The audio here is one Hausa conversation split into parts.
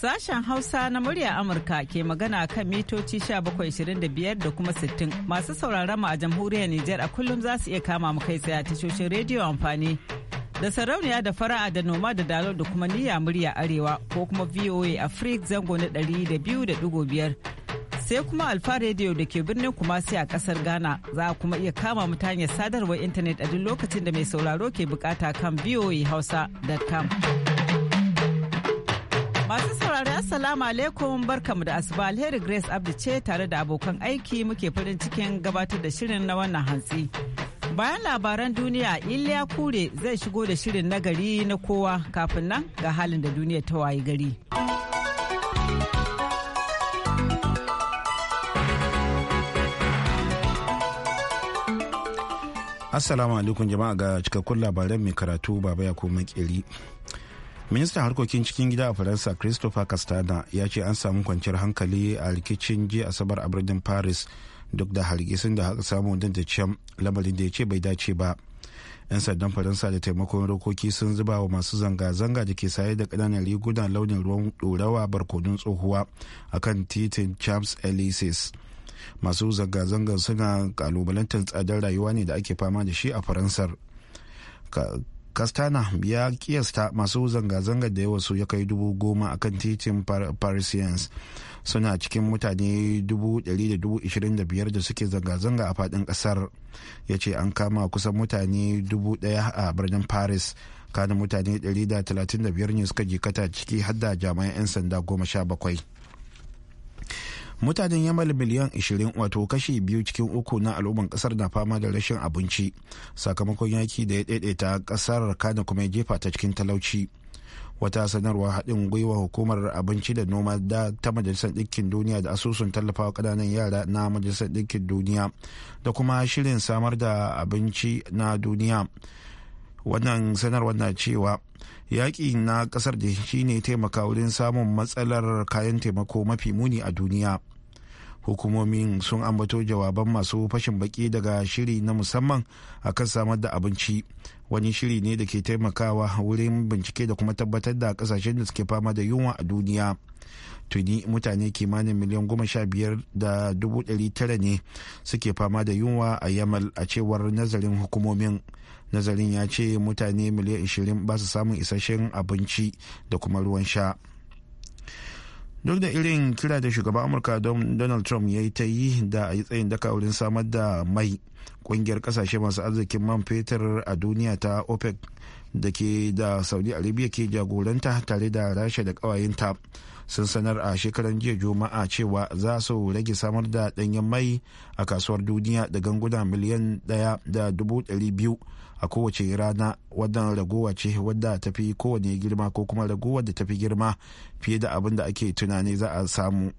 Sashen Hausa na murya Amurka ke magana kan mitoci 1725 da kuma 60 masu sauraron mu a jamhuriyar Nijar a kullum za su iya kama mu kai tsaye a tashoshin rediyo amfani da sarauniya da fara'a da noma da dalo da kuma niyya murya arewa ko kuma VOA Africa zango na 200.5 sai kuma alfa rediyo da ke birnin kumasi a kasar Ghana za a kuma iya kama mu ta hanyar sadarwar intanet a duk lokacin da mai sauraro ke bukata kan voahausa.com. Masu saurari Assalamu alaikum barkamu da asuba alheri Grace Abdi ce tare da abokan aiki muke farin cikin gabatar da shirin na wannan hantsi. Bayan labaran duniya Iliya Kure zai shigo da shirin na gari na kowa kafin nan ga halin da duniya ta wayi gari. Assalamu alaikum jama'a ga cikakkun labaran mai karatu baba ya koma kiri. ministan harkokin cikin gida a faransa christopher castana ya ce an samu kwanciyar hankali a rikicin jiya asabar a birnin paris duk da hargitsin da haka samu dantaccen lamarin da ya ce bai dace ba 'yan sandan faransa da taimakon rokoki sun zuba wa masu zanga-zanga da ke saye da kananan riguna launin ruwan ɗorawa barkonun tsohuwa a kan titin champs elysees masu zanga zangar suna kalubalantar tsadar rayuwa ne da ake fama da shi a faransar kastana ya kiyasta masu zanga-zangar da su ya kai dubu goma a kan titin Parisians suna cikin mutane dubu da dubu ishirin da biyar da suke zanga-zanga a faɗin ƙasar. Ya ce an kama kusan mutane dubu ɗaya a birnin Paris, kanin mutane ɗari da talatin da biyar ne suka jikata ciki hada jami'an 'yan sanda goma sha bakwai. mutanen yamal miliyan 20 wato kashi biyu cikin uku na al'umman kasar na fama da rashin abinci sakamakon yaki da ya daidaita kasar kana kuma ya jefa ta cikin talauci wata sanarwa haɗin gwiwa hukumar abinci da noma da ta majalisar ɗinkin duniya da asusun tallafawa ƙananan yara na majalisar ɗinkin duniya da kuma shirin samar da abinci na duniya wannan sanarwa na cewa yaƙi na ƙasar da shi ne taimaka wurin samun matsalar kayan taimako mafi muni a duniya hukumomin sun ambato jawaban masu fashin baki daga shiri na musamman a kan samar da abinci wani shiri ne da ke taimakawa wurin bincike da kuma tabbatar da kasashen da suke fama da yunwa a duniya tuni mutane kimanin miliyan goma sha biyar da dubu ɗari tara ne suke fama da yunwa a yamal a cewar nazarin hukumomin nazarin ya ce mutane miliyan ishirin ba su samun isasshen abinci da kuma ruwan sha duk da irin kira da shugaban amurka donald trump ya yi ta yi da a yi tsayin daka wurin samar da mai kungiyar kasashe masu arzikin man fetur a duniya ta opec da ke da saudi arabia ke jagoranta tare da rasha da ƙawayenta sun sanar a shekaran jiya juma'a cewa za su rage samar da danyen mai a kasuwar duniya da ganguna miliyan ɗaya da dubu dari biyu a kowace rana wannan ragowa ce wadda ta fi kowane girma ko kuma ragowar da ta fi girma fiye da abin da ake tunani za a samu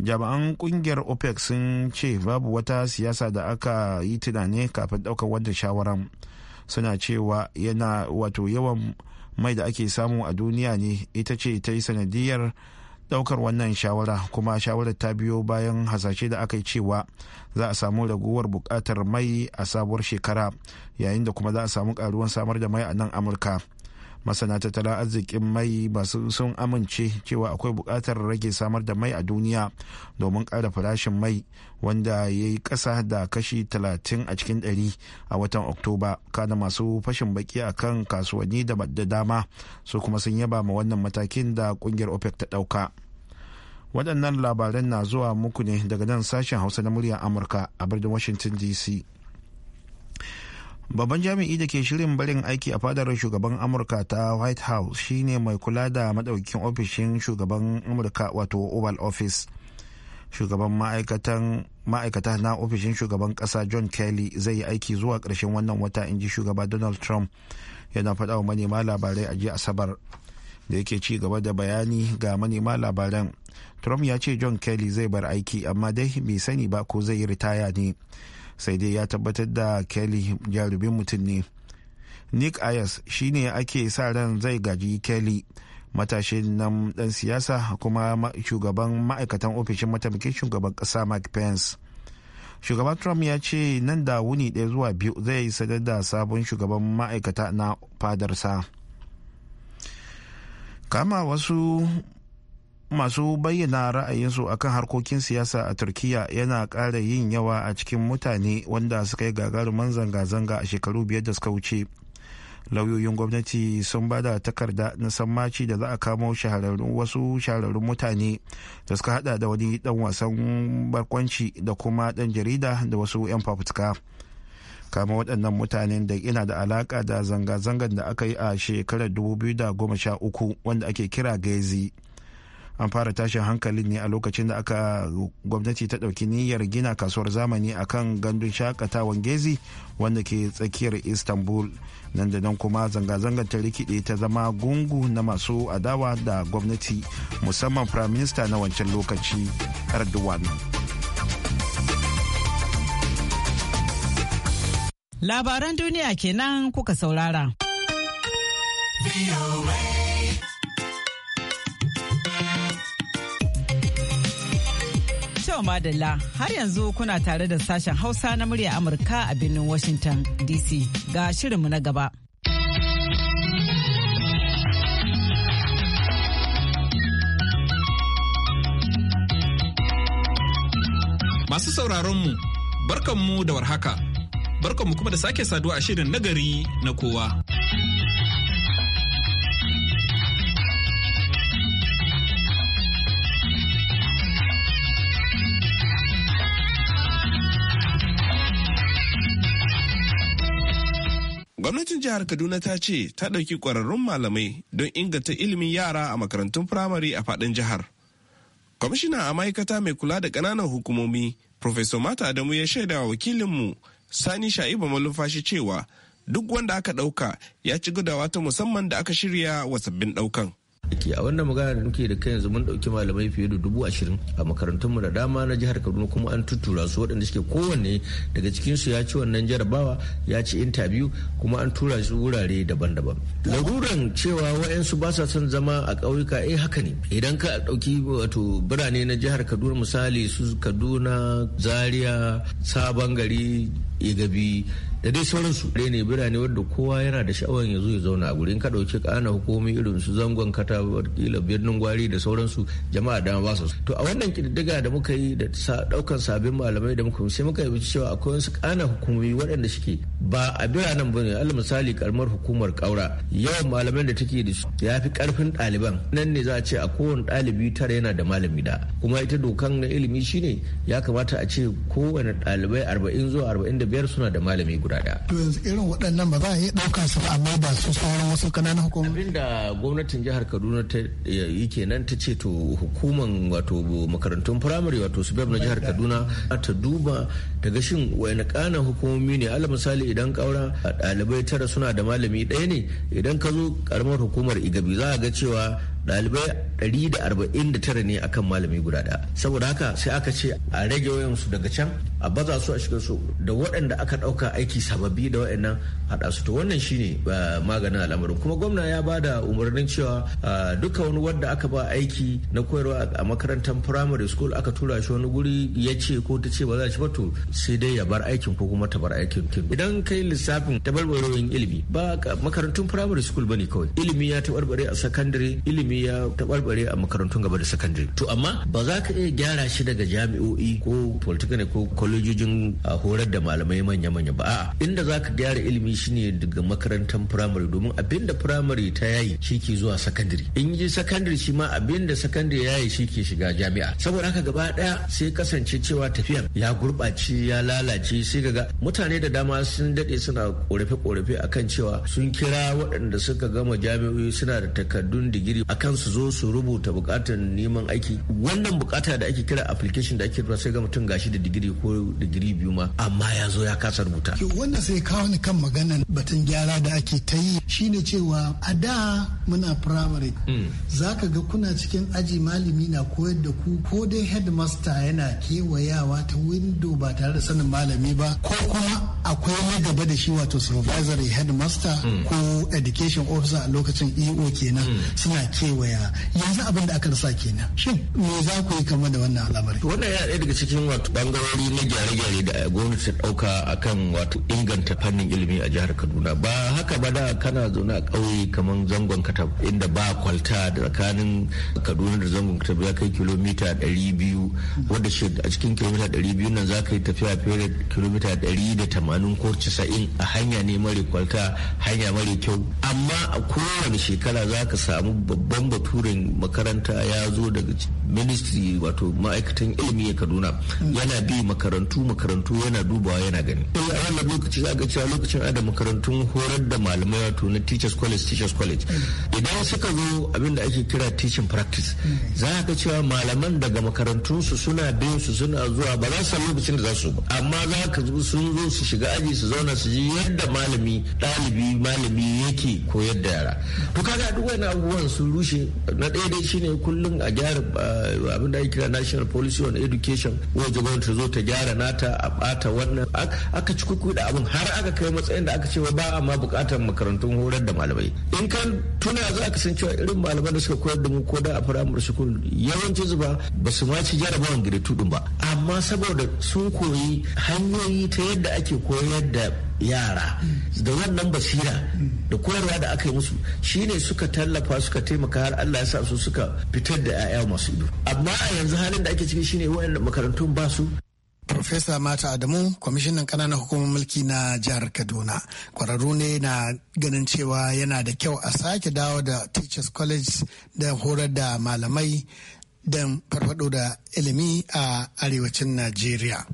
jami'an kungiyar opec sun ce babu wata siyasa da aka yi tunani kafin ɗaukar wannan shawaran suna cewa yana wato yawan mai da ake samu a duniya ne ita ce ta yi sanadiyar daukar wannan shawara kuma shawarar ta biyo bayan hasashe da aka yi cewa za a samu raguwar bukatar mai a sabuwar shekara yayin da kuma za a samu karuwan samar da mai a nan amurka masana tattalin arzikin mai masu sun amince cewa akwai buƙatar rage samar da mai a duniya domin ƙara farashin mai wanda ya yi ƙasa da kashi 30 a cikin 100 a watan oktoba kana masu fashin baki a kan kasuwanni da dama su kuma sun yaba ma wannan matakin da ƙungiyar opec ta ɗauka waɗannan labaran na zuwa muku ne daga nan sashen hausa na muryar amurka a birnin washington dc Babban jami'i da ke shirin barin aiki a fadar shugaban Amurka ta White House shine mai kula da madaukin ofishin shugaban Amurka wato Oval Office. Shugaban ma'aikata na ofishin shugaban kasa John Kelly zai yi aiki zuwa ƙarshen wannan wata in ji shugaba Donald Trump yana faɗa wa manema labarai a jiya Asabar. Da yake ci gaba da bayani ga manema labaran, Trump ya ce John Kelly zai bar aiki amma dai bai sani ba ko zai yi ritaya ne. sai dai ya tabbatar da kelly jarumin mutum ne nick ayers shine ake sa ran zai gaji kelly matashin nan dan siyasa kuma shugaban ma'aikatan ofishin mataimakin shugaban kasa mike pence shugaban trump ya ce nan da wuni ɗaya zuwa biyu zai sadar da sabon shugaban ma'aikata na fadarsa kama wasu masu bayyana ra'ayinsu a kan harkokin siyasa a turkiya yana ƙara yin yawa a cikin mutane wanda suka yi gagarumin zanga-zanga a shekaru biyar da suka wuce lauyoyin gwamnati sun ba da takarda na sammaci da za a kamo shahararrun wasu shahararrun mutane da suka hada da wani dan wasan barkwanci da kuma dan jarida da wasu 'yan fafutuka kama waɗannan mutanen da yana da alaka da zanga-zangar da aka yi a shekarar 2013 wanda ake kira gezi an fara tashin hankalin ne a lokacin da aka gwamnati ta ɗauki niyyar gina kasuwar zamani a kan gandun shakatawan gezi wanda ke tsakiyar istanbul nan da nan kuma zanga-zangar ta rikide ta zama gungu na masu adawa da gwamnati musamman prime minister na wancan lokaci erdogan labaran duniya kenan kuka saurara. To madalla har yanzu kuna tare da sashen Hausa na murya Amurka a birnin Washington DC ga shirinmu na gaba. Masu sauraronmu, barkanmu da warhaka, barkanmu kuma da sake saduwa a shirin nagari na kowa. Gwamnatin jihar Kaduna ta ce ta ɗauki ƙwararrun malamai don inganta ilimin yara a makarantun firamare a faɗin jihar. Kwamishina a ma'aikata mai kula da ƙananan hukumomi, Profesor Mata Adamu ya shaida wa wakilinmu Sani Sha'iba Malumfashi cewa duk wanda aka ɗauka ya ci gudawa ta musamman da aka shirya wa sabbin ɗaukan. a wannan magana da muke da kai yanzu mun dauki malamai fiye da dubu ashirin a makarantunmu da dama na jihar kaduna kuma an tuttura su waɗanda suke kowanne daga cikinsu ya ci wannan jarabawa ya ci intabiyu kuma an tura su wurare daban-daban laruran cewa wa'yansu ba sa son zama a ƙauyuka eh haka ne idan ka ɗauki wato birane na jihar kaduna misali su kaduna zaria sabon gari igabi da dai sauransu dai ne birane wadda kowa yana da sha'awar ya zo ya zauna a guri in ka ɗauki kana hukumomi irin su zangon kata wakila birnin gwari da sauransu jama'a dama ba su to a wannan kididdiga da muka yi da ɗaukan sabbin malamai da muka sai muka yi cewa akwai wasu kana hukumomi waɗanda suke ba a biranen ba ne misali karamar hukumar kaura yawan malamai da take da su ya fi ƙarfin ɗaliban nan ne za a ce a kowane ɗalibi tara yana da malami da kuma ita dokan na ilimi shine ya kamata a ce kowane ɗalibai 40 zuwa 45 suna da malami guda daya. To yanzu irin waɗannan ba za a iya ɗauka su ba amma ba su sauran wasu kananan hukumomi. Abin da gwamnatin jihar Kaduna ta yi kenan ta ce to hukuman wato makarantun firamare wato su na jihar Kaduna ta duba daga ga shin wani ƙananan hukumomi ne ala misali idan ƙaura ɗalibai tara suna da malami ɗaya ne idan ka zo ƙaramar hukumar Igabi za a ga cewa ɗalibai 149 ne akan malami guda ɗaya saboda haka sai aka ce a rage wayan su daga can a baza su a shiga su da waɗanda aka ɗauka aiki sababbi da waɗannan haɗa su to wannan shine maganin al'amarin kuma gwamna ya ba da umarnin cewa duka wani wanda aka ba aiki na koyarwa a makarantar primary school aka tura shi wani guri ya ce ko ta ce ba za shi ba to sai dai ya bar aikin ko kuma ta bar aikin idan kai lissafin tabarbarewar ilimi ba makarantun primary school bane kawai ilimi ya tabarbare a secondary ilimi ilimi ya tabarbare a makarantun gaba da sakandare to amma ba za ka iya gyara shi daga jami'o'i ko ne ko kwalejojin a horar da malamai manya-manya ba a'a inda za ka gyara ilimi shine daga makarantar firamare domin abinda firamare ta yayi shi ke zuwa sakandare in yi sakandare shi ma abinda sakandare yayi shi ke shiga jami'a saboda haka gaba daya sai kasance cewa tafiyan ya gurɓace ya lalace sai ga mutane da dama sun dade suna korafe-korafe akan cewa sun kira waɗanda suka gama jami'o'i suna da takardun digiri akan kan su zo su rubuta bukatar neman aiki wannan bukata da ake kira application da ake kira sai ga mutum gashi da digiri ko digiri biyu ma amma ya zo ya kasa rubuta wannan sai kawo ni kan magana batun gyara da ake ta yi shine cewa a da muna primary hmm. zaka ga kuna cikin aji malami na koyar da ku ko dai headmaster yana kewayawa ta window ba tare da sanin malami ba ko kuma akwai na gaba da shi wato supervisory headmaster hmm. ko education officer a lokacin EO kenan hmm. suna kewa kewaya yanzu abin da aka rasa kenan shin me za ku yi kama da wannan al'amari wannan ya ɗaya daga cikin wato bangarori na gyare-gyare da gwamnati ta ɗauka akan wato inganta fannin ilimi a jihar kaduna ba haka ba da kana zaune a ƙauye kamar zangon katab inda ba kwalta da tsakanin kaduna da zangon katab ya kai kilomita ɗari biyu wadda a cikin kilomita ɗari biyu nan za ka yi tafiya fiye da kilomita ɗari da tamanin ko casa'in a hanya ne mare kwalta hanya mare kyau amma a kowane shekara za ka samu babban babban baturin makaranta ya zo daga ministry wato ma'aikatan ilimi a kaduna yana bi makarantu makarantu yana dubawa yana gani eh, a wannan lokaci za cewa lokacin ada makarantun horar da malamai wato na teachers college teachers college idan suka zo abin da ake kira teaching practice za ga cewa malaman daga makarantun su suna bin su suna zuwa ba za su lokacin da za su ba amma za ka sun zo su shiga aji su zauna su ji yadda malami dalibi malami yake koyar da yara to kaga duk wani abubuwan su. rushe rushe na ɗaya dai shine kullum a gyara eh, abin da ake kira national policy on education wajen gwamnati ta zo ta gyara nata a bata wannan aka ci kuku da abin har aka kai matsayin da aka ce ba a ma bukatar makarantun horar da malamai in kan tuna za ka san cewa irin malaman da suka koyar da mu ko da a primary school yawanci zuba ba su ma ci jarabawan gire ba amma saboda sun koyi hanyoyi ta yadda ake koyar da yara da wannan basira da koyarwa da aka yi musu shine suka tallafa suka taimaka har Allah ya sa su suka fitar da 'ya'ya masu ido amma a yanzu halin da ake ciki shine wayannan makarantun ba su Profesa Mata Adamu, kwamishinan kananan hukumar mulki na jihar Kaduna, kwararru ne na ganin cewa yana da kyau a sake dawo da Teachers College da horar da malamai don farfado da ilimi a arewacin Najeriya.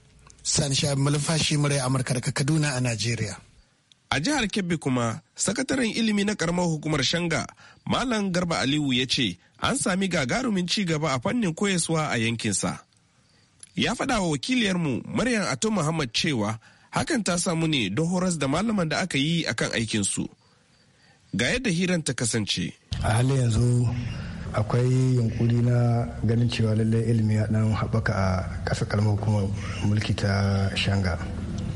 Sani Shabi Malumfashi murai Amurka daga Kaduna a Najeriya. A jihar Kebbi kuma, sakataren ilimi na karamar hukumar Shanga, Malam Garba Aliyu ya ce an sami gagarumin ci gaba a fannin koyaswa a yankinsa. Ya faɗa wa wakiliyarmu Maryam Ato Muhammad cewa hakan ta samu ne don horas da malaman da aka yi akan aikinsu. Ga yadda hiran ta kasance. A yanzu akwai yunkuri na ganin cewa lallai ilimi ya dan haɓaka a ƙasa kalmar hukumar mulki ta shanga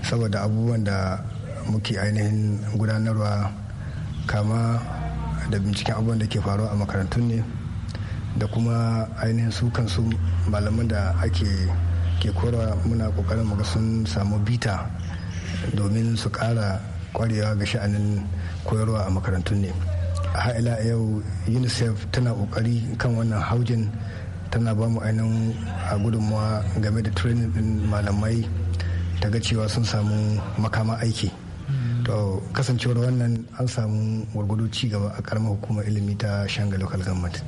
saboda abubuwan da muke ainihin gudanarwa kama da binciken abubuwan da ke faruwa a makarantun ne da kuma ainihin su kansu malaman da ake ke kora muna kokarin muga sun samu bita domin su ƙara kwarewa ga sha'anin koyarwa a makarantun ne. ha'ila yau unicef tana kokari kan wannan haujin tana ba mu ainihin gudunmawa game da training din malamai ta ga cewa sun samu makama aiki to kasancewar wannan an samu gwargwado ci gaba a karamar hukumar ilimi ta shanga local government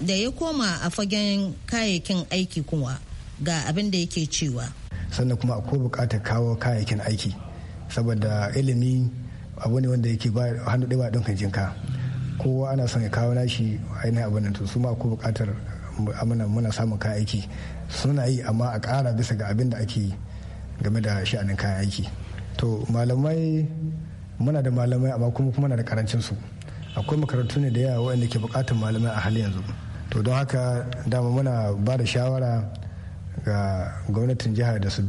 da ya koma a fagen kayayyakin aiki kuma ga abin da yake cewa sannan kuma akwai bukatar kawo kayayyakin aiki saboda ilimi abu ne wanda yake ba hannu ɗaya ba ɗin jinka kowa ana son ya kawo nashi ainihin abin nan to su ma ko bukatar muna samun kayan aiki suna yi amma a ƙara bisa ga abin da ake yi game da sha'anin kayan aiki to malamai muna da malamai amma kuma kuma na da karancin su akwai makarantu ne da yawa wanda ke buƙatar malamai a halin yanzu to don haka dama muna ba da shawara ga gwamnatin jihar da su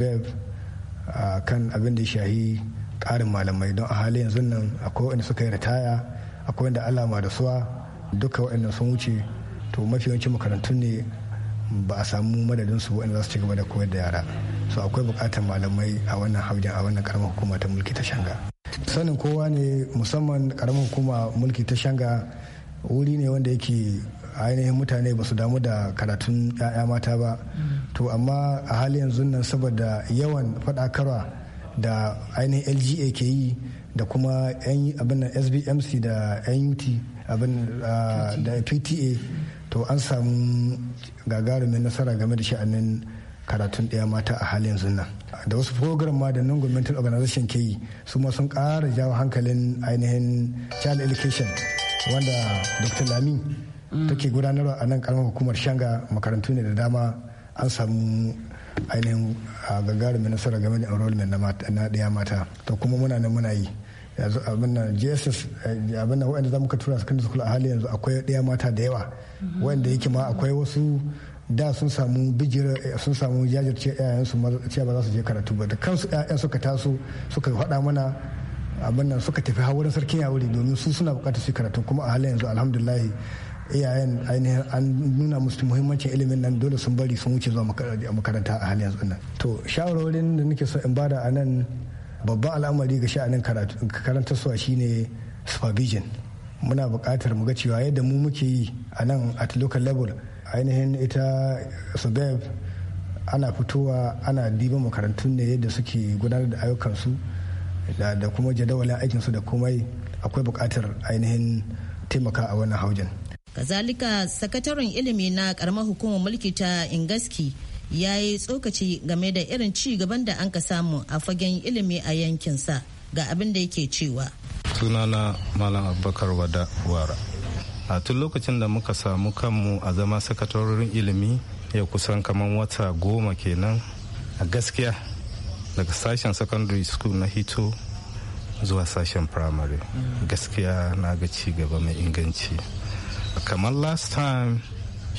a kan abin da shahi karin malamai don a halin yanzu nan akwai wanda suka yi ritaya akwai wanda alama da suwa duka waɗannan sun wuce to mafi yawancin makarantun ne ba a samu madadin su waɗanda za su ci gaba da koyar da yara so akwai buƙatar malamai a wannan haujin a wannan karamar hukuma ta mulki ta shanga sanin kowa ne musamman karamar hukuma mulki ta shanga wuri ne wanda yake ainihin mutane ba su damu da karatun 'ya'ya mata ba to amma a hali yanzu nan saboda yawan faɗakarwa da ainihin lga ke yi da kuma abin sbmc da nut ah, da pta to an samu gagarumin nasara game da sha'anin karatun ɗaya mata a halin yanzu nan da wasu program ma da non-governmental organization ke yi su ma sun kara jawo hankalin ainihin child education wanda dr lami mm. take gudanarwa a nan karamar hukumar shanga makarantu ne da dama an samu ainihin ah, gagarumin nasara game da enrollment na ɗaya mata to kuma muna nan muna yi yanzu abin nan jesus eh, abin nan wa'anda za tura su kula a hali yanzu akwai ɗaya mata da yawa wanda yake ma akwai wasu da sun samu bijira eh, sun samu jajirce yayansu cewa ba za su je karatu ba da kansu yayan suka taso suka faɗa mana abin nan suka tafi har wurin sarkin yawuri domin su suna bukatar su karatu kuma a halin yanzu alhamdulillah iyayen ainihin an nuna musu muhimmancin ilimin nan dole sun bari sun wuce zuwa makaranta a halin yanzu to shawarwarin da nake so in bada a nan babban al'amari ga sha'anin karanta suwa shine supervision muna bukatar mu ga cewa yadda mu muke yi a nan at local level ainihin ita subeb ana fitowa ana diban makarantun ne yadda suke gudanar da ayyukansu da kuma jadawalin aikinsu da komai akwai bukatar ainihin taimaka a wannan haujan kazalika sakataren ilimi na karamar hukumar mulki ta ingaski ya yi tsokaci game da irin ci gaban da an ka samu a fagen ilimi a yankinsa ga abin da yake cewa. Sunana Malam Abubakar Wada Wara. A tun lokacin da muka samu kanmu a zama sakatarorin ilimi ya kusan kamar wata goma kenan a gaskiya daga sashen secondary school na hito zuwa sashen primary mm. gaskiya na ga ci gaba mai inganci kamar last time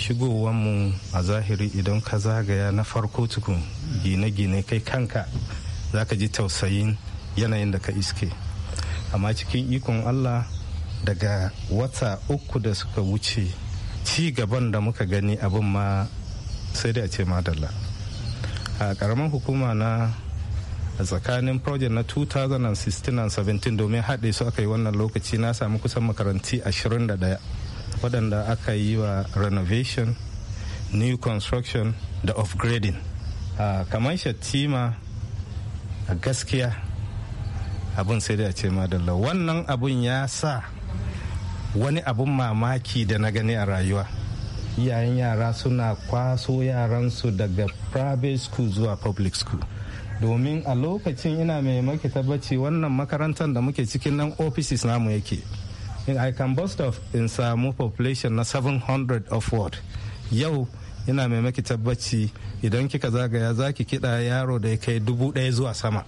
shigowanmu a zahiri idan ka zagaya na farko tukun gine-gine kai kanka za ka ji tausayin yanayin da ka iske amma cikin ikon allah daga wata uku da suka wuce ci gaban da muka gani abin ma sai da a ce madalla a karamin hukuma na a tsakanin project na 2016 and 17 domin haɗe su aka yi wannan lokaci na sami kusan makaranti 21 waɗanda aka yi wa renovation new construction da upgrading uh, kamar shattima a gaskiya abin sai da a ce madalla wannan abun ya sa wani abun mamaki da na gani a rayuwa iyayen yara suna kwaso yaransu daga private school zuwa public school domin a lokacin ina mai maki tabbaci wannan makarantar da muke cikin nan offices namu yake in i can boast of in samu population na 700 of what yau ina mai maki tabbaci idan kika zagaya za ki kiɗa yaro da ya kai dubu ɗaya zuwa sama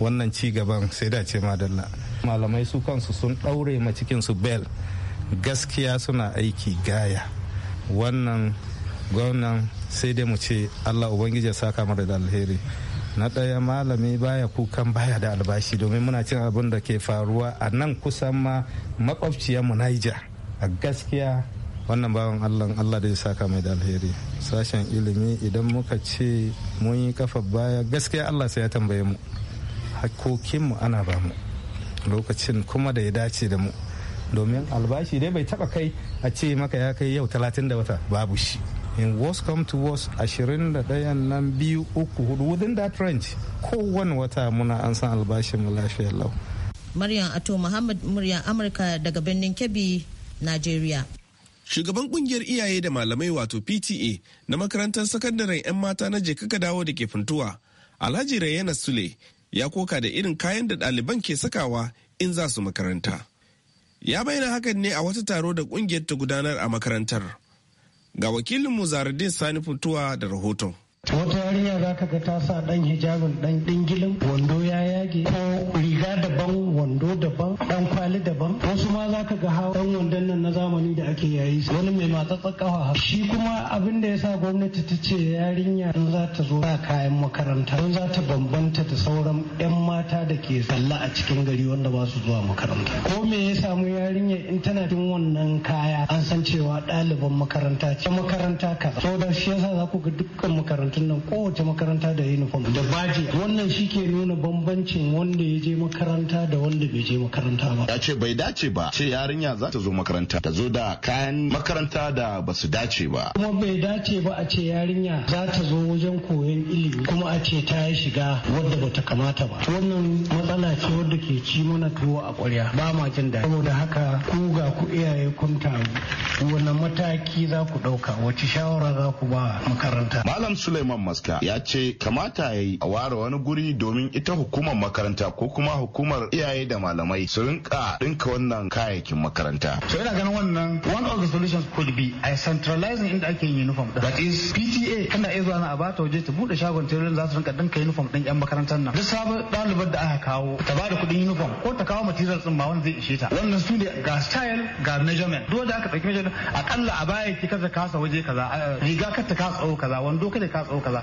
wannan ci gaban sai da ce madalla malamai su kansu sun ɗaure ma cikin su bell gaskiya suna aiki gaya wannan gwamnan sai dai mu ce allah ubangiji ya saka mara da alheri na ɗaya malami baya kukan baya da albashi domin muna cin abin da ke faruwa a nan kusan ma makwabciyarmu naija a gaskiya wannan bawan allah allah da ya saka mai da alheri sashen ilimi idan muka ce mun yi kafa baya gaskiya allah sai ya tambaye mu hakokinmu ana ba mu lokacin kuma da ya dace da mu domin albashi dai bai taba kai a ce maka ya kai yau talatin da wata babu shi in worst come to worst 21 nan biyu uku hudu within that range kowane wata muna an san albashin mu lafiyar lau maryam ato muhammad muryar amurka daga birnin kebbi nigeria shugaban kungiyar iyaye da malamai wato pta na makarantar sakandaren 'yan mata na je kaka dawo da ke funtuwa alhaji rayyana sule ya koka da irin kayan da ɗaliban ke sakawa in za su makaranta ya bayyana hakan ne a wata taro da kungiyar ta gudanar a makarantar Ga wakilin Zaradin Sani futuwa da rahoton. wata yarinya za ka ga ta sa dan hijabin dan dingilin wando ya yage ko riga daban wando zamani da ake yayi wani mai matsatsa kafa shi kuma abin da yasa gwamnati ta ce yarinya in za ta zo ba kayan makaranta Don za ta bambanta da sauran 'yan mata da ke salla a cikin gari wanda ba su zuwa makaranta ko me ya samu yarinya in tana cikin wannan kaya an san cewa ɗaliban makaranta ce makaranta kaza so da shi yasa za ku ga dukkan makarantun nan kowace makaranta da uniform da baji wannan shi ke nuna bambancin wanda ya je makaranta da wanda bai je makaranta ba ya ce bai dace ba ce yarinya za ta zo makaranta ta zo da kayan makaranta da ba su dace ba. Kuma bai dace ba a ce yarinya za ta zo wajen koyon ilimi kuma a ce ta yi shiga wadda bata kamata ba. Wannan matsala ce wadda ke ci mana tuwo a ƙwarya ba ma jin daɗi. Saboda haka ku ga ku iyaye kun ta wannan mataki za ku ɗauka wace shawara za ku ba makaranta. Malam Suleiman Maska ya ce kamata ya yi a ware wani guri domin ita hukumar makaranta ko kuma hukumar iyaye da malamai su rinka ɗinka wannan kayayyakin makaranta. So ina ganin wannan one of the solutions could be a centralizing inda ake yin uniform din that is PTA kana iya zuwa na a bata waje ta bude shagon tayoyin za su rinka dinka uniform din yan makarantar nan duk sabon ɗalibar da aka kawo ta bada kuɗin uniform ko ta kawo materials din ma wanda zai ishe ta wannan su ne ga style ga measurement duk da aka ɗauki measurement akalla a baya ki kaza kasa waje kaza riga ka ta kasa tsawo kaza wando kada ka tsawo kaza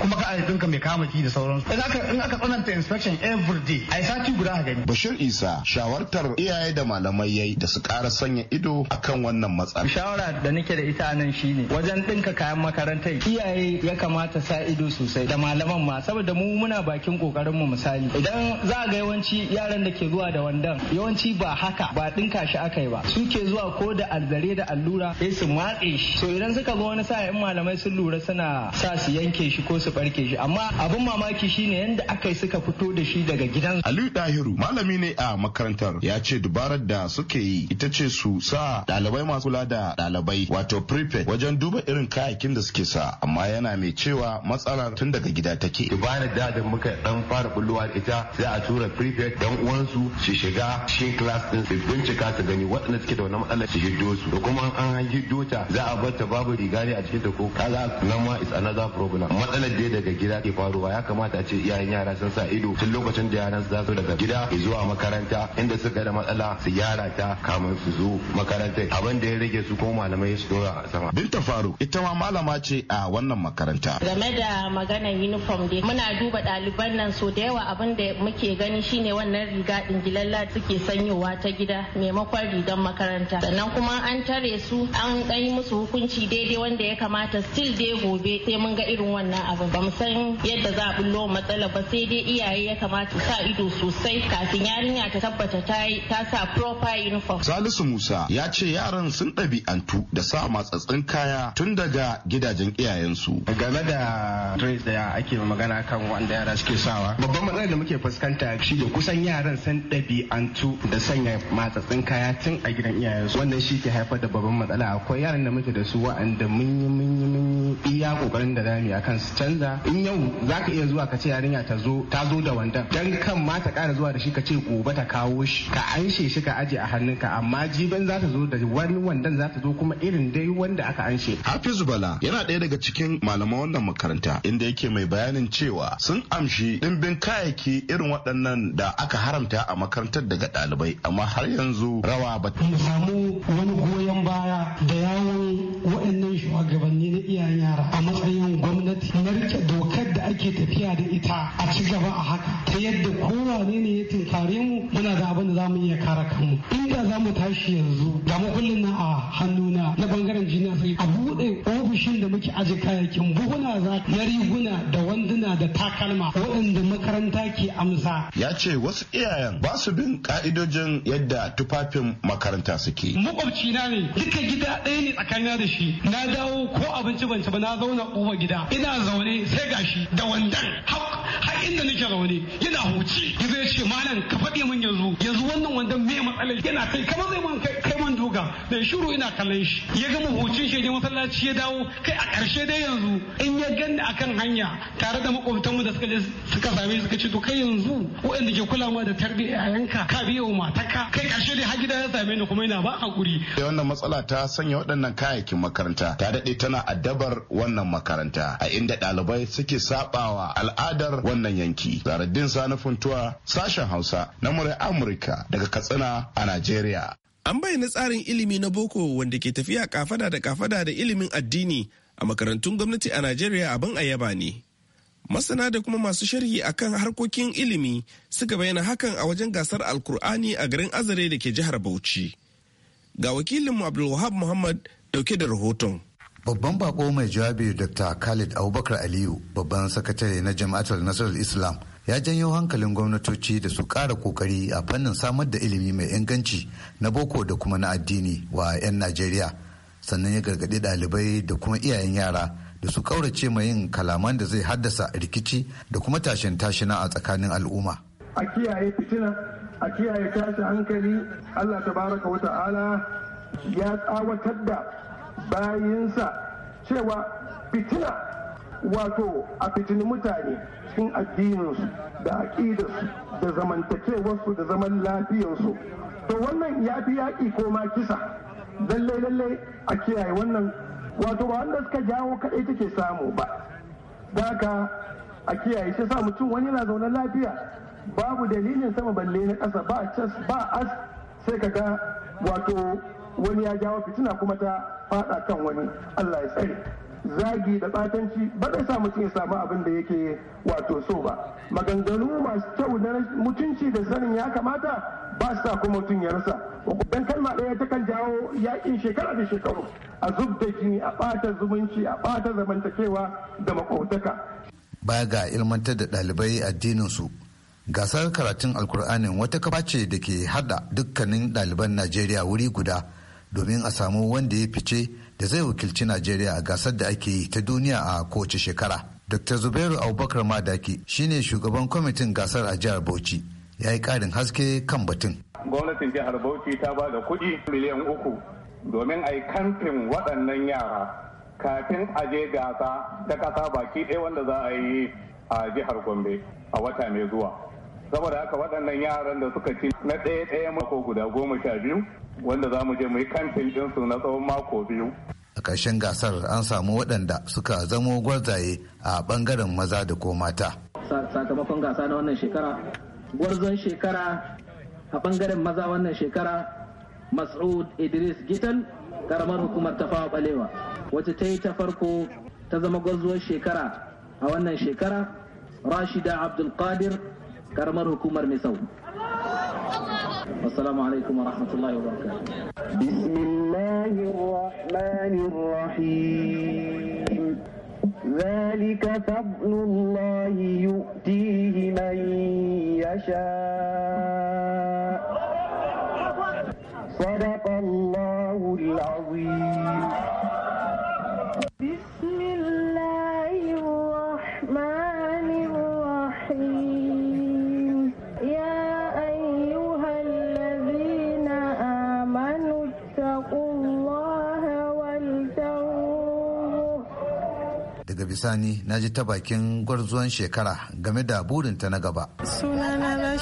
kuma ka ayyukan ka mai kamaki da sauransu su. aka in aka tsananta inspection every day ai sati guda ka gani Bashir Isa shawartar iyaye da malamai yayi da su kara sanya ido akan wannan matsala. Shawara da nake da ita nan shine wajen dinka kayan makaranta iyaye ya kamata sa ido sosai da malaman ma saboda mu muna bakin kokarin mu misali idan za ga yawanci yaran da ke zuwa da wandan yawanci ba haka ba ɗinka shi aka yi ba suke zuwa ko da alzare da allura sai su matse shi so idan suka ga wani sa in malamai sun lura suna sa su yanke shi ko su barke shi amma abin mamaki shine yanda aka yi suka fito da shi daga gidan. Aliyu Dahiru malami ne a makarantar ya ce dubarar da suke yi ita ce su sa dalibai masu lada da ɗalibai wato prefect wajen duba irin kayakin da suke sa amma yana mai cewa matsalar tun daga gida take. Dubara da da muka dan fara bulluwa ita sai a tura prefect dan uwansu su shiga shi class din su bincika su gani waɗanda suke da wannan matsalar su hiddo su da kuma an hiddo ta za a bar ta babu riga ne a cikin ta ko kaza nan ma is another problem. Matsalar dai daga gida ke faruwa ya kamata a ce iyayen yara sun sa ido tun lokacin da yaran su za su daga gida zuwa makaranta inda suka da matsala su yara ta kamar su zo makaranta. makarantar abin da ya rage su ko malamai su dora a sama. Binta Faruk ita ma malama ce a wannan makaranta. Game da maganar uniform dai muna duba ɗaliban nan so da yawa abin da muke gani shine wannan riga ingilalla suke sanyowa ta gida maimakon rigar makaranta. Sannan kuma an tare su an ɗanyi musu hukunci daidai wanda ya kamata still dai gobe sai mun ga irin wannan abin ba mu san yadda za a bullo matsala ba sai dai iyaye ya kamata sa ido sosai kafin yarinya ta tabbata ta sa proper uniform. Salisu Musa ya ya ce yaran sun ɗabi'antu da sa matsatsin kaya tun daga gidajen iyayensu. Game da dress da ake magana kan wanda yara suke sawa. Babban matsalar da muke fuskanta shi da kusan yaran sun ɗabi'antu da sanya matsatsin kaya tun a gidan iyayensu. Wannan shi ke haifar da babban matsala. Akwai yaran da muke da su wa'anda mun yi mun yi mun yi iya kokarin da zamu yi akan su canza. In yau za ka iya zuwa ka ce yarinya ta zo ta zo da wanda. Dan kan ma ta ƙara zuwa da shi ka ce gobe ta kawo shi. Ka anshe shi ka ajiye a hannun ka. amma jiban za ta zo da wani wandan za ta zo kuma irin dai wanda aka anshe. Hafizu Bala yana ɗaya daga cikin malaman wannan makaranta inda yake mai bayanin cewa sun amshi ɗimbin kayayyaki irin waɗannan da aka haramta a makarantar daga ɗalibai amma har yanzu rawa ba. Mu samu wani goyon baya da yawon waɗannan shugabanni na iyayen yara a matsayin gwamnati na rike dokar da ake tafiya da ita a ci gaba a haka ta yadda kowane ne ya tinkare mu muna da abin da za mu iya kare kanmu inda za mu tashi yanzu ga makullin na a hannuna na bangaren jina sai a buɗe ofishin da muke aje kayayyakin buhuna za na riguna da wanduna da takalma waɗanda makaranta ke amsa. Ya ce wasu iyayen ba su bin ka'idojin yadda tufafin makaranta suke. Makwabci na ne duka gida ɗaya ne tsakanin da shi na dawo ko abinci ban ci ba na zauna uwa gida ina zaune sai gashi da wandan har har inda nake zaune yana huci yanzu ya ce malam ka faɗi min yanzu yanzu wannan wanda me matsalar yana kai kamar zai man kai man duga da shiru ina kallon shi ya gama hucin shi ya masallaci ya dawo kai a karshe dai yanzu in ya ganni akan hanya tare da makwabtanmu da suka je suka same suka ce to kai yanzu waɗanda ke kula ma da tarbiyya yayanka ka biya wa kai ƙarshe dai har gida ya same ni kuma ina ba hakuri sai wannan matsala ta sanya waɗannan kayayyakin makaranta ta daɗe tana addabar wannan makaranta a inda ɗalibai suke sabawa al'adar wannan yanki zaradin sani funtuwa sashen hausa na murai amurka daga katsina a najeriya an bayyana tsarin ilimi na boko wanda ke tafiya kafada da kafada da ilimin addini a makarantun gwamnati a najeriya abin ayaba ne masana da kuma masu sharhi akan harkokin ilimi suka bayyana hakan a wajen gasar alkur'ani a garin azare da ke jihar bauchi ga wakilinmu abdulwahab muhammad dauke da rahoton Babban bako mai jawabi Dr. Khalid Abubakar Aliyu, babban sakatare na jama'atar Nasarar Islam, ya janyo hankalin gwamnatoci da su ƙara kokari a fannin samar da ilimi mai inganci na boko da kuma na addini wa 'yan Najeriya. Sannan ya gargaɗi ɗalibai da kuma iyayen yara da su ƙaurace ma yin kalaman da zai haddasa rikici da kuma tashin tashina a tsakanin al'umma. A kiyaye fitina, a kiyaye tashin hankali, Allah Ta baraka Wata'ala ya tsawatar da bayinsa cewa fitina wato a fitini mutane cikin addininsu da aƙidarsu da zamantakewarsu da zaman lafiyarsu to wannan ya fi yaƙi ko ma kisa lallai lallai a kiyaye wannan wato ba wanda suka jawo kaɗai take samu ba daka a kiyaye shi sa mutum wani yana zaune lafiya babu dalilin sama balle na ƙasa ba cas ba as sai ka ga wato wani ya jawo fitina kuma ta fada kan wani Allah ya tsare zagi da batanci ba zai sa mutum ya samu abin da yake wato so ba maganganu masu kyau na mutunci da sanin ya kamata ba sa kuma mutum ya rasa dan kalma ɗaya ta kan jawo yakin shekara da shekaru a zub da jini a ɓata zumunci a ɓata zamantakewa da makotaka baya ga ilmantar da ɗalibai addinin su gasar karatun alkur'anin wata kafa ce da ke hada dukkanin ɗaliban najeriya wuri guda domin a samu wanda ya fice da zai wakilci najeriya a gasar da ake yi ta duniya a kowace shekara dr zubairu abubakar madaki shine shugaban kwamitin gasar a jihar bauchi ya yi karin haske kan batun gwamnatin jihar bauchi ta ba da kuɗi miliyan uku domin a yi kamfin waɗannan yara kafin a je gasa ta ƙasa baki ɗaya wanda za a yi a jihar gombe a wata mai zuwa saboda haka waɗannan yaran da suka ci na ɗaya ɗaya mako guda goma sha biyu wanda za mu je mu yi kamfin ɗinsu na tsawon mako biyu a ƙarshen gasar an samu waɗanda suka zamo gwarzaye a ɓangaren maza da ko mata sakamakon gasa na wannan shekara gwarzon shekara a ɓangaren maza wannan shekara mas'ud idris gitan karamar hukumar ta fawa balewa wacce ta yi ta farko ta zama gwarzuwar shekara a wannan shekara rashida abdulkadir كرمر حكومر ميسو السلام عليكم ورحمة الله وبركاته بسم الله الرحمن الرحيم ذلك فضل الله يؤتيه من يشاء صدق الله العظيم sani na ji ta bakin gwarzuwan shekara game da burinta na gaba. Suna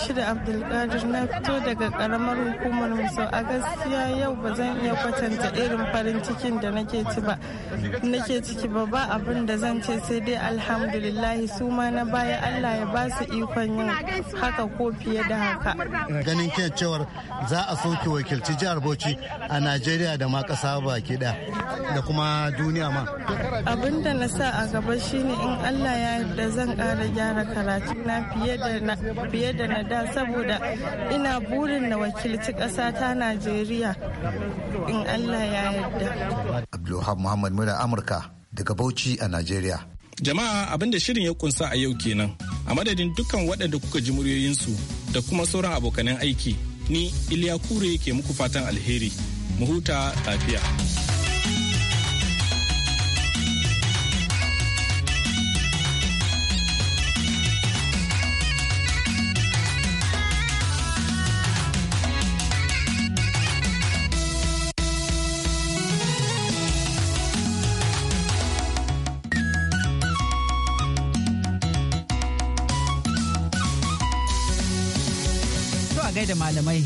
Bashir Abdulkadir na fito daga karamar hukumar Muso a gaskiya yau ba zan iya kwatanta irin farin cikin da nake ci ba nake ciki ba ba abin da zan ce sai dai alhamdulillahi su ma na baya Allah ya ba su ikon yin haka ko fiye da haka. Ganin ke cewar za a soke wakilci jihar Bauchi a Najeriya da ma kasa baki da da kuma duniya ma. Abin da na sa a gaba shine in Allah ya yarda zan ƙara gyara karatu na fiye da na yarda saboda ina burin na wakilci ƙasa ta najeriya in allah ya yarda abdulhab muhammad muna amurka daga bauchi a najeriya jama'a abinda shirin ya kunsa a yau kenan a madadin dukkan waɗanda kuka ji muryoyinsu da kuma sauran abokanan aiki ni iliya kure ke muku fatan alheri mu huta lafiya. malamai.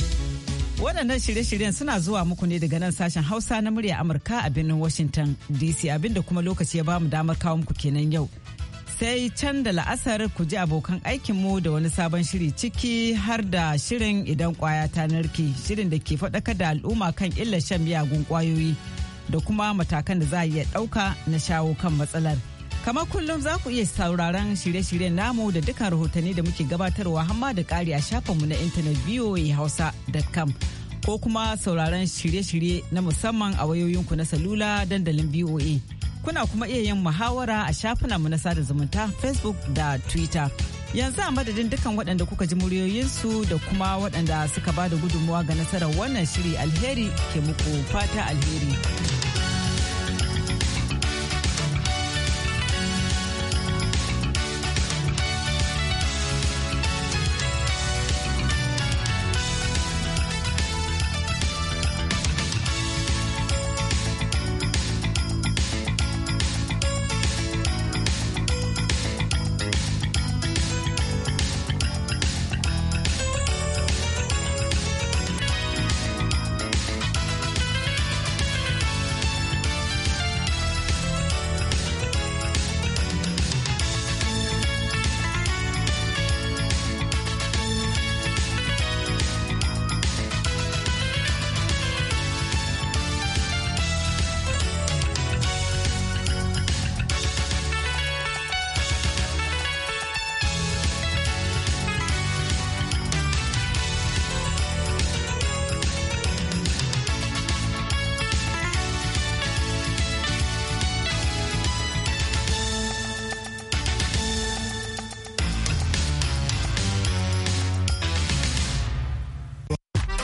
Waɗannan shirye-shiryen suna zuwa muku ne daga nan sashen Hausa na murya Amurka a birnin Washington DC abinda kuma lokaci ya bamu damar kawo muku kenan yau. Sai can da la'asar ku ji abokan aikinmu da wani sabon shiri ciki har da shirin idan kwaya ta narke shirin da ke faɗaka da al'umma kan illar shan miyagun kwayoyi da kuma matakan da za a iya ɗauka na shawo kan matsalar. Kamar kullum za ku iya sauraron shirye-shiryen namu da dukkan rahotanni da muke gabatarwa hamma da ƙari a shafinmu na intanet voahausa.com ko kuma sauraron shirye-shirye na musamman a wayoyinku na salula dandalin VOA. Kuna kuma iya yin muhawara a shafinanmu na sada zumunta Facebook da Twitter. yanzu a madadin dukkan waɗanda kuka ji muryoyinsu da kuma waɗanda suka ba da gudunmuwa ga nasarar wannan shiri alheri ke muku fata alheri.